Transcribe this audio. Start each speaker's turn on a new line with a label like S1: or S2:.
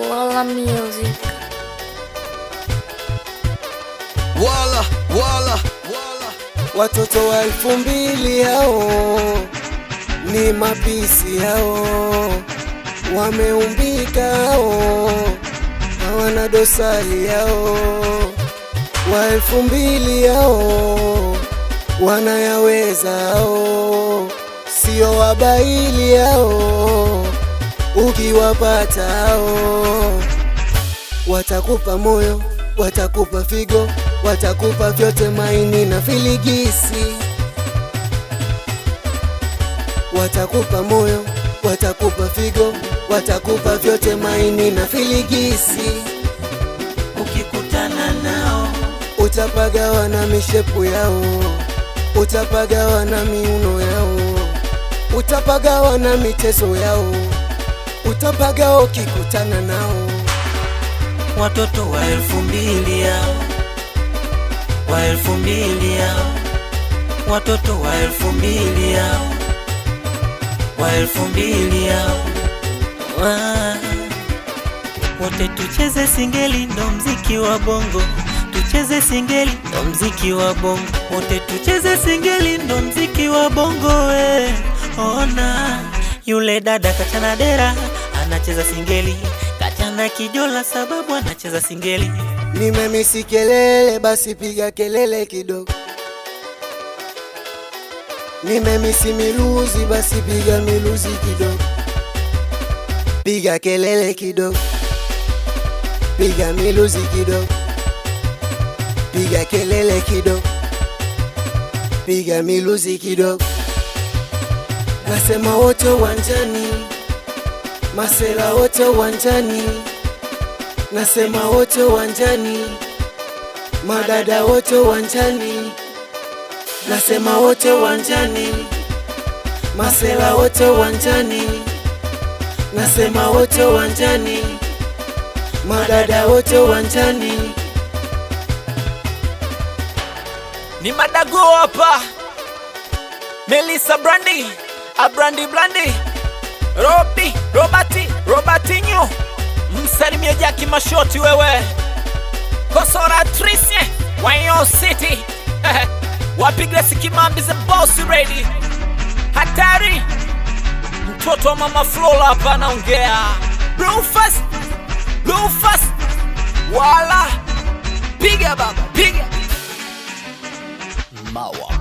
S1: Walla Music.
S2: Walla, walla, walla. Watoto wa elfu mbili yao ni mapisi yao wameumbika yao, hawana dosari yao wa elfu mbili yao wanayaweza yao, sio wabaili yao ukiwapata hao watakupa moyo, watakupa figo, watakupa vyote, maini na filigisi. Watakupa moyo, watakupa figo, watakupa vyote, maini na filigisi. Ukikutana nao utapagawa na mishepu yao, utapagawa na miuno yao, utapagawa na miteso yao utapaga ukikutana nao. Watoto wa elfu mbili yao, wa elfu mbili yao, watoto wa elfu mbili yao, wa elfu mbili yao, wote tucheze singeli, ndo mziki wa bongo tucheze singeli ndo mziki wa bongo wote tucheze singeli ndo Yule dada kachana dera, anacheza singeli, kachana kijola sababu anacheza singeli. Nimemisi kelele, basi piga kelele kidogo. Nimemisi miluzi, basi piga miluzi kidogo, piga kelele kidogo, piga miluzi kidogo, piga kelele kidogo, piga miluzi kidogo. Nasema wote uwanjani, masela wote uwanjani, nasema wote uwanjani, madada wote uwanjani, nasema wote uwanjani, masela wote uwanjani, nasema wote uwanjani, madada wote uwanjani, ni madago hapa Melissa Brandi Abrandi Blandi Robi Robati Robatinho, msalimie Jaki Mashoti, wewe Kosora Trisye Wayo City wapige sikimambi ze boss ready hatari. Mtoto wa mama Flora hapa anaongea Rufus, Rufus wala piga baba piga mawa